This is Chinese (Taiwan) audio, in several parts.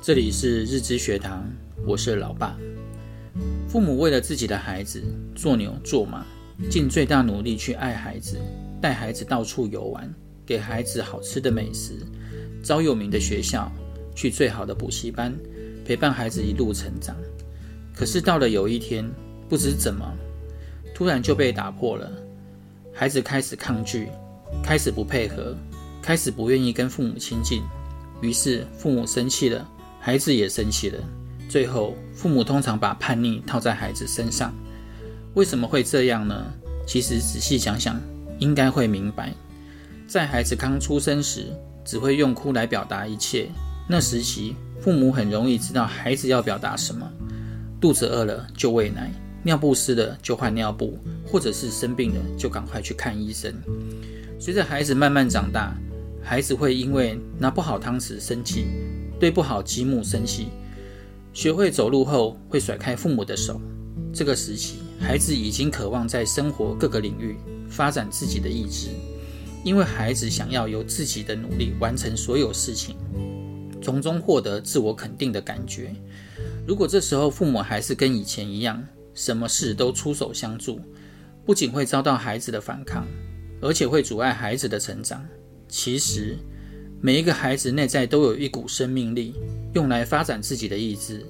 這裡是日之學堂，我是老爸。父母為了自己的孩子，做牛做馬，盡最大努力去愛孩子，帶孩子到處遊玩，給孩子好吃的美食，找有名的學校，去最好的補習班，陪伴孩子一路成長。可是到了有一天，不知怎麼，突然就被打破了。孩子開始抗拒，開始不配合，開始不願意跟父母親近。於是父母生氣了。孩子也生氣了，最後父母通常把叛逆套在孩子身上。為什麼會這樣呢？其實仔細想想，應該會明白。在孩子剛出生時，只會用哭來表達一切，那時期父母很容易知道孩子要表達什麼。肚子餓了就餵奶，尿布濕了就換尿布，或者是生病了就趕快去看醫生。隨着孩子慢慢長大，孩子會因為拿不好湯匙生氣。對不好積木生氣，學會走路後會甩開父母的手。這個時期，孩子已經渴望在生活各個領域發展自己的意志，因為孩子想要由自己的努力完成所有事情，從中獲得自我肯定的感覺。如果這時候父母還是跟以前一樣，什麼事都出手相助，不僅會遭到孩子的反抗，而且會阻礙孩子的成長。其實，每一個孩子內在都有一股生命力，用來發展自己的意志。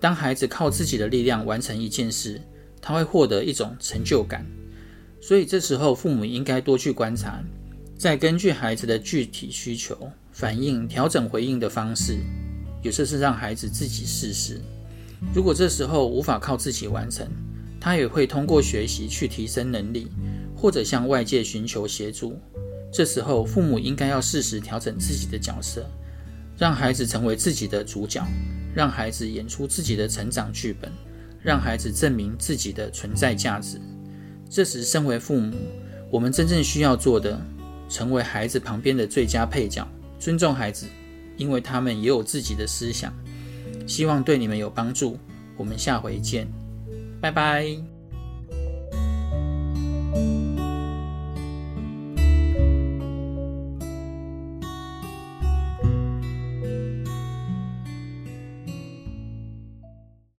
當孩子靠自己的力量完成一件事，他會獲得一種成就感。所以這時候，父母應該多去觀察，再根據孩子的具體需求、反應調整回應的方式。有時是讓孩子自己試試。如果這時候無法靠自己完成，他也會通過學習去提升能力，或者向外界尋求協助。這時候，父母應該要適時調整自己的角色，讓孩子成為自己的主角，讓孩子演出自己的成長劇本，讓孩子證明自己的存在價值。這時，身為父母，我們真正需要做的，成為孩子旁邊的最佳配角，尊重孩子，因為他們也有自己的思想。希望對你們有幫助，我們下回見，拜拜。